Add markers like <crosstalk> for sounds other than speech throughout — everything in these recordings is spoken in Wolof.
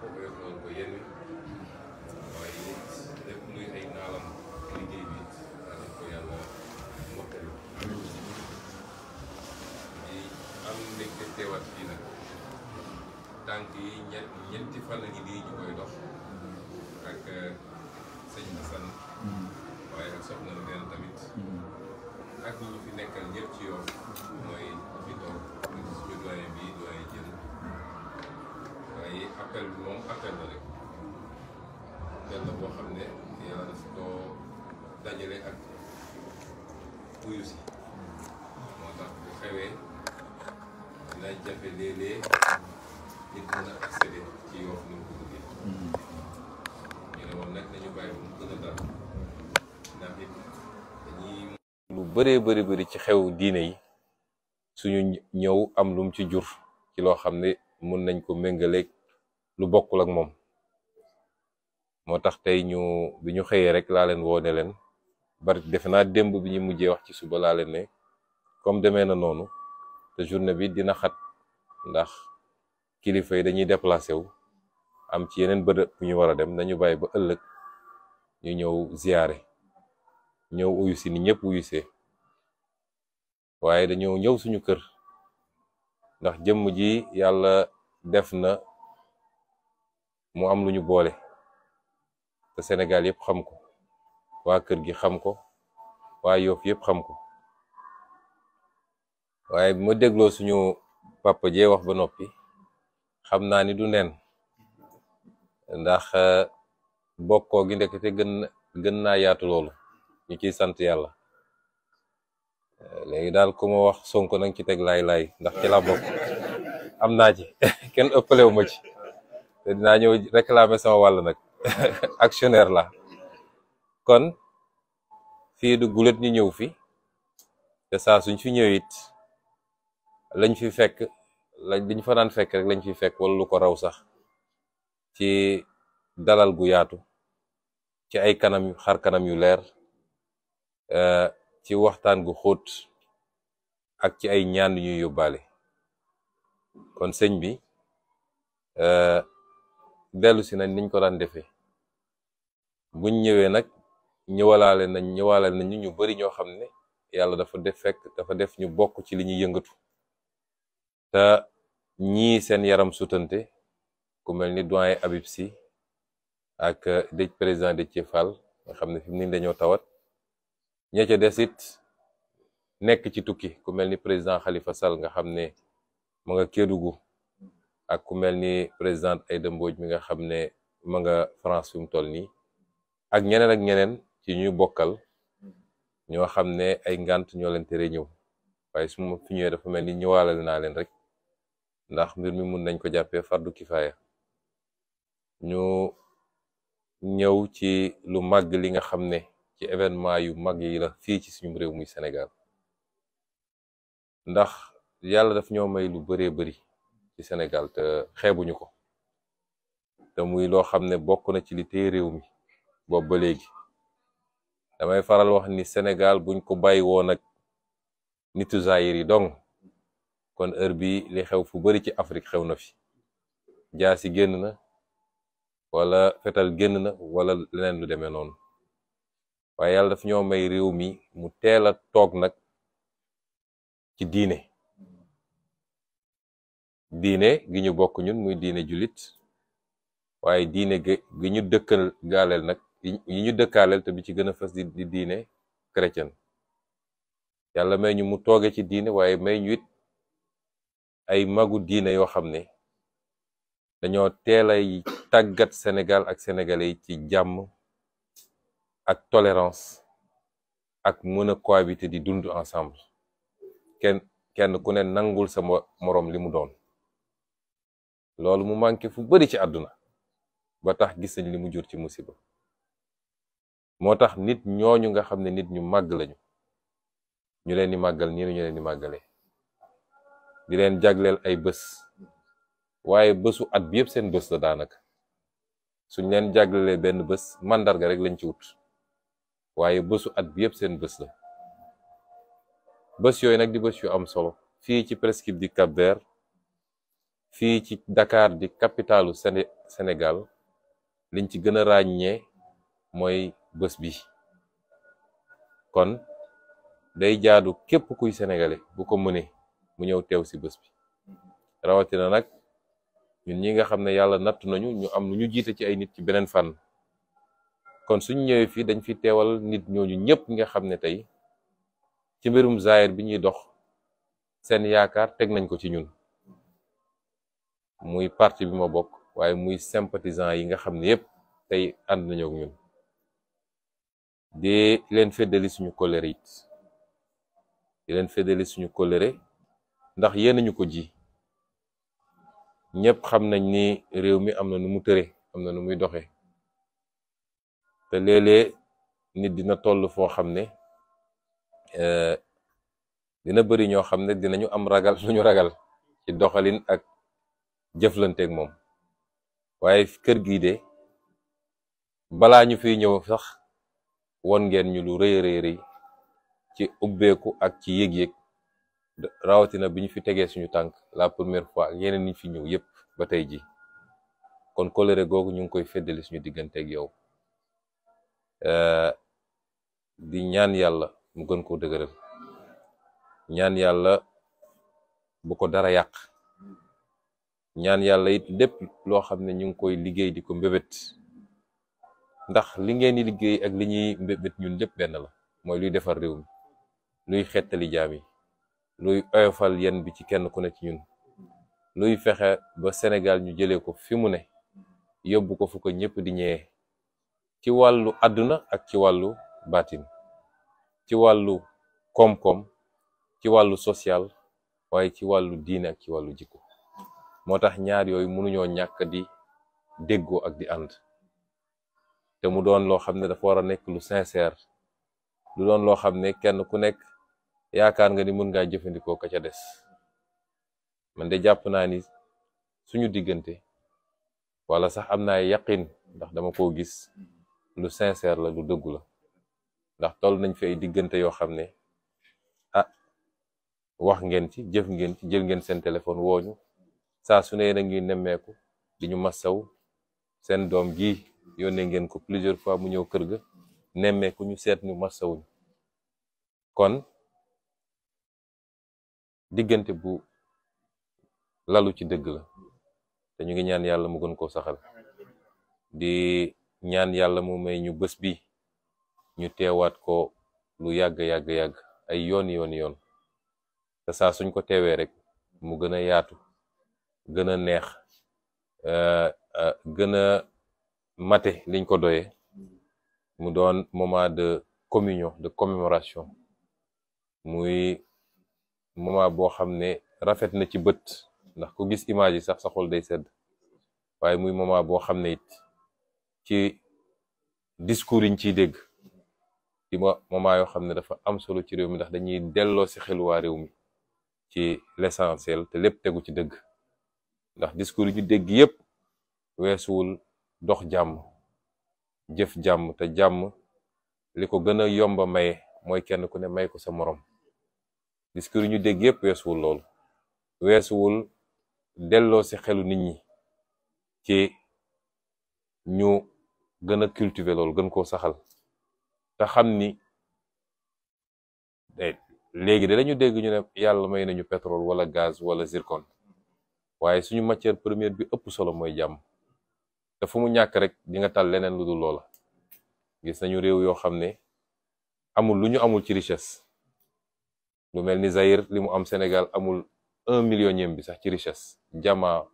ko oyof loolu ko yenn waaye it lépp luy ay naalam liggéey bi it daanaka ko yàlla mottali di am ndégte teewaat fii nag tànk yi ñett ñetti fan la ñu nii ñu koy dox ak euh, sëñ Assane waaye ak soxna Ndeye tamit ak ñi fi nekkal ñëpp ci yoon mooy fi toog suñu doyen bi doyen jël. yi ne dajale ak lu bëree bëri bëri ci xew diine yi suñu ñëw am lum ci jur ci loo xam ne mën nañ ko méngaleeg lu bokkul ak moom moo tax tey ñu bi ñu xëyee rek laa leen woo woone leen bari defe naa démb bi ñu mujjee wax ci suba laa leen ne comme demee na noonu te journée bi dina xat ndax kilifa yi dañuy déplacé wu am ci yeneen bërëb bu ñu war a dem nañu bàyyi ba ëllëg ñu ñëw ziyaare ñëw uyu ni ñëpp uyusee waaye dañoo ñëw suñu kër ndax jëmm ji yàlla def na mu am lu ñu boole te Sénégal yëpp xam ko waa kër gi xam ko waa Yoff yëpp xam ko waaye bi dégloo suñu papa jee wax ba noppi xam naa ni du nen ndax euh, bokkoo gi ndekete gën gën naa yaatu loolu ñu ciy sant yàlla euh, léegi daal ku ma wax Sonko nag ci teg laay laay ndax ci laa am naa ci <laughs> kenn ëppalewu ma ci te dinaa ñëw réclamer sama wàll nag <laughs> actionnaire la kon fii du gulet ñu ñëw fi te saa suñ fi ñëw it lañ fi fekk lañ liñ fa naan fekk rek lañ fi fekk wala lu ko raw sax ci dalal gu yaatu ci ay kanam xar kanam yu leer ci waxtaan gu xóot ak ci ay ñaan yu ñuy kon sëñ bi dellu si nañ niñ ko daan defee buñ ñëwee nag ñëwalaale nañ ñëwaale nañ ñu bari ñoo xam ne yàlla dafa def fek dafa def ñu bokk ci li ñuy yëngatu te ñii seen yaram suutante ku mel ni doyen Habib Sy ak euh, déj président Déthié Fall nga xam ne fi mu dañoo tawat ña ca des it nekk ci tukki ku mel ni président Khalifa Sall nga xam ne ma nga ak ku mel ni présidente ay Mbodj mi nga xam ne ma nga France fi mu toll nii ak ñeneen ak ñeneen ci ñu bokkal ñoo xam ne ay ngànt ñoo leen tere ñëw waaye su ma fi ñëwee dafa mel ni ñëwaalal naa leen rek ndax mbir mi mun nañ ko jàppee fardu kifaaya ñu ñëw ci lu màgg li nga xam ne ci événement yu mag yi la fii ci suñu réew muy Sénégal ndax yàlla daf ñoo may lu bëree bari ci Sénégal te xeebuñu ko te muy loo xam ne bokk na ci li tey réew mi boobu ba léegi damay faral wax ni Sénégal buñ ko bàyyi woon nag nitu Zaïre yi dong kon heure bi li xew fu bari ci Afrique xew na fi jaasi génn na wala fetal génn na wala leneen lu demee noonu waaye yàlla daf ñoo may réew mi mu teel a toog nag ci diine diine gi ñu bokk ñun muy diine jullit waaye diine gi ñu dëkkal gaaleel nag yi ñu dëkkaaleel te bi ci gën a fës di diine chrétien yàlla may ñu mu tooge ci diine waaye may ñu it ay magu diine yoo xam ne dañoo teel ay tàggat Sénégal ak sénégalais yi ci jàmm ak tolérance ak mën a cohabiter di dund ensemble kenn kenn ku ne nangul sama moroom li mu doon loolu mu manqué fu bari ci àdduna ba tax gis nañ li mu jur ci musiba moo tax nit ñooñu nga xam ne nit ñu màgg lañu ñu leen di màggal nii leen di màggalee di leen jagleel ay bés waaye bésu at bi yëpp seen bés la daanaka suñ leen jaglelee benn bës màndarga rek lañ ci wut waaye bësu at bi yëpp seen bés la bés yooyu nag di bës yu am solo fii ci presqu'île du cap fii ci dakaar di capitalu senegal liñ ci gën a ràññee mooy bés bi kon day jaadu képp kuy sénégalais bu ko mënee mu ñëw teew si bës bi rawatina nag ñun ñi nga xam ne yàlla natt nañu ñu am lu ñu jiite ci ay nit ci beneen fan kon suñ ñëwee fii dañ fi teewal nit ñooñu ñëpp nga xam ne tey ci mbirum zaahir bi ñuy dox seen yaakaar teg nañ ko ci ñun muy partie bi ma bokk waaye muy sympathisant yi nga xam ne yëpp tey ànd nañoo ak ñun di leen feddali suñu colère it di leen feddali suñu colère ndax yéen ñu ko ji ñëpp xam nañ ni réew mi am na nu mu tëre am na nu muy doxe te léeg-léeg nit dina toll foo xam ne euh, dina bëri ñoo xam ne dinañu am ragal suñu <laughs> ragal ci doxalin ak jëflanteeg moom waaye kër gii de balaa ñu fi ñëw sax won ngeen ñu lu rëy rëy ci ubbeeku ak ci yëg-yëg rawatina bi ñu fi tegee suñu tànk la première fois ak yeneen niñ fi ñëw yëpp ba tey ji kon colère googu ñu ngi koy feddali suñu digganteeg yow di ñaan yàlla mu gën koo dëgëral ñaan yàlla bu ko dara yàq ñaan yàlla yit lépp loo xam ne ñu ngi koy liggéey di ko mbébét ndax li ngeen di liggéey ak li ñuy mbébét ñun lépp benn la mooy luy defar réew mi luy xettali jaam luy oyofal yenn bi ci kenn ku ne ci ñun luy fexe ba Sénégal ñu jëlee ko fi mu ne yóbbu ko fu ko ñëpp di ñëwee ci wàllu àdduna ak ci wàllu baatin ci wàllu koom-koom ci wàllu social waaye ci wàllu diine ak ci wàllu jikko moo tax ñaar yooyu mënuñoo ñàkk di déggoo ak di ànd te mu doon loo xam ne dafa war nekk lu sincère lu doon loo xam ne kenn ku nekk yaakaar nga ni mën ngaa jëfandikoo ka ca des man de jàpp naa ni suñu diggante wala sax am naa yaqin ndax dama koo gis lu sincère la lu dëggu la ndax toll nañ fi ay diggante yoo xam ne ah wax ngeen ci jëf ngeen ci jël ngeen seen téléphone wooñu saa su ne ngi nemmeeku di ñu massaw seen doom ji yónnee ngeen ko plusieurs fois mu ñëw kër ga nemmeeku ñu seet ñu massawuñu kon diggante bu lalu ci dëgg la te ñu ngi ñaan yàlla mu gën koo saxal di ñaan yàlla mu may ñu bés bi ñu teewaat ko lu yàgg yàgg yàgg ay yoon yoon yoon te saa suñ ko teewee rek mu gën a yaatu gën a neex euh, euh, gën a mate liñ ko doye mu doon moment de communion de commémoration muy moment boo xam ne rafet na ci bët ndax ku gis image yi sax sa day sedd waaye muy moment boo xam ne it ci discours yiñ ciy dégg di ma moment yoo xam ne dafa am solo ci réew mi ndax dañuy delloo si xel réew mi ci l'essentiel te lépp tegu ci dëgg ndax discours yi ñu dégg yépp weesuwul dox jàmm jëf jàmm te jàmm li ko gën a yomba maye mooy kenn ku ne may ko sa moroom discours yi ñu dégg yépp weesuwul loolu weesuwul delloo si xelu nit ñi ci ñu gën a cultiver loolu gën koo saxal te xam ni léegi de lañu dégg ñu ne yàlla may nañu pétrole wala gaz wala zircon waaye suñu matière première bi ëpp solo mooy jàmm te fu mu ñàkk rek di nga tal leneen lu dul loola gis nañu réew yoo xam ne amul lu ñu amul ci richesse lu mel ni Zaïre li mu am Sénégal amul un millionième bi sax ci richesse jama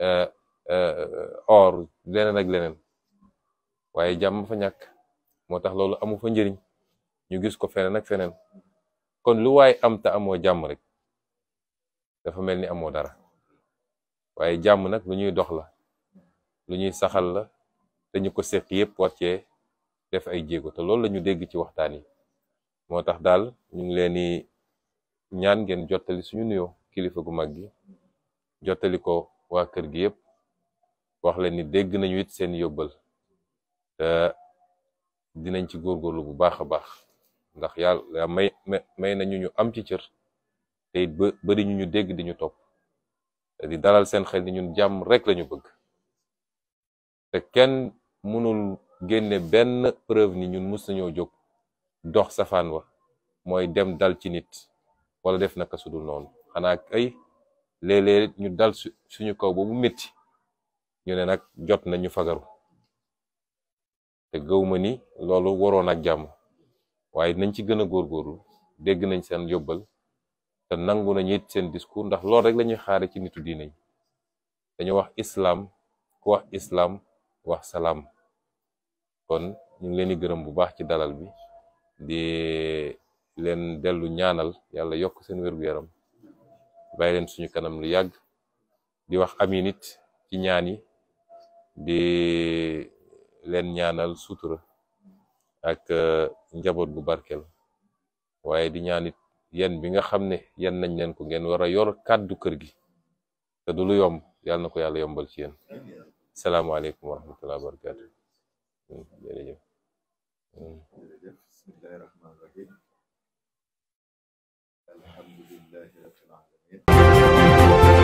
euh, euh, or leneen ak leneen waaye jàmm fa ñàkk moo tax loolu amul fa njëriñ ñu gis ko feneen ak feneen kon lu waaye am te amoo jàmm rek dafa mel ni amoo dara waaye jàmm nag lu ñuy dox la lu ñuy saxal la te ñu ko séq yëpp war cee def ay jéego te loolu la ñu dégg ci waxtaan yi moo tax daal ñu ngi leen di ñaan ngeen jottali suñu nuyoo kilifa gu mag gi jottali ko waa kër gi yëpp waxleen leen ni dégg nañu it seen yóbbal te dinañ ci góorgóorlu bu baax a baax ndax yàlla may may nañu ñu am ci cër te it ba bëri ñu ñu dégg di ñu topp. di dalal seen xel ni ñun jàmm rek lañu bëgg kenn mënul génne benn preuve ni ñun mus nañoo jóg dox safaan wa mooy dem dal ci nit wala def naka sudul noonu xanaa ay léeg ñu dal suñu kaw boobu métti ñu ne nag jot na ñu fagaru te gëwma ni loolu waroon ak jàmm waaye nañ ci gën a góorgóorlu dégg nañ seen yóbbal te nangu nañu it seen discours ndax loolu rek la ñuy xaare ci nitu diine yi dañu wax islaam ku wax islaam wax salaam kon ñu ngi leen di gërëm bu baax ci dalal bi di leen dellu ñaanal yàlla yokk seen wér-gu-yaram bàyyi leen suñu kanam lu yàgg di wax ami nit ci ñaan yi di leen ñaanal sutura ak euh, njaboot bu barkel waaye di ñaan yan bi nga xam ne yan nañ leen ko ngeen war a yor kàddu kër gi te du yomb yàlla na ko yàlla yombal ci yéen salaamaaleykum wa rahmatullahi wa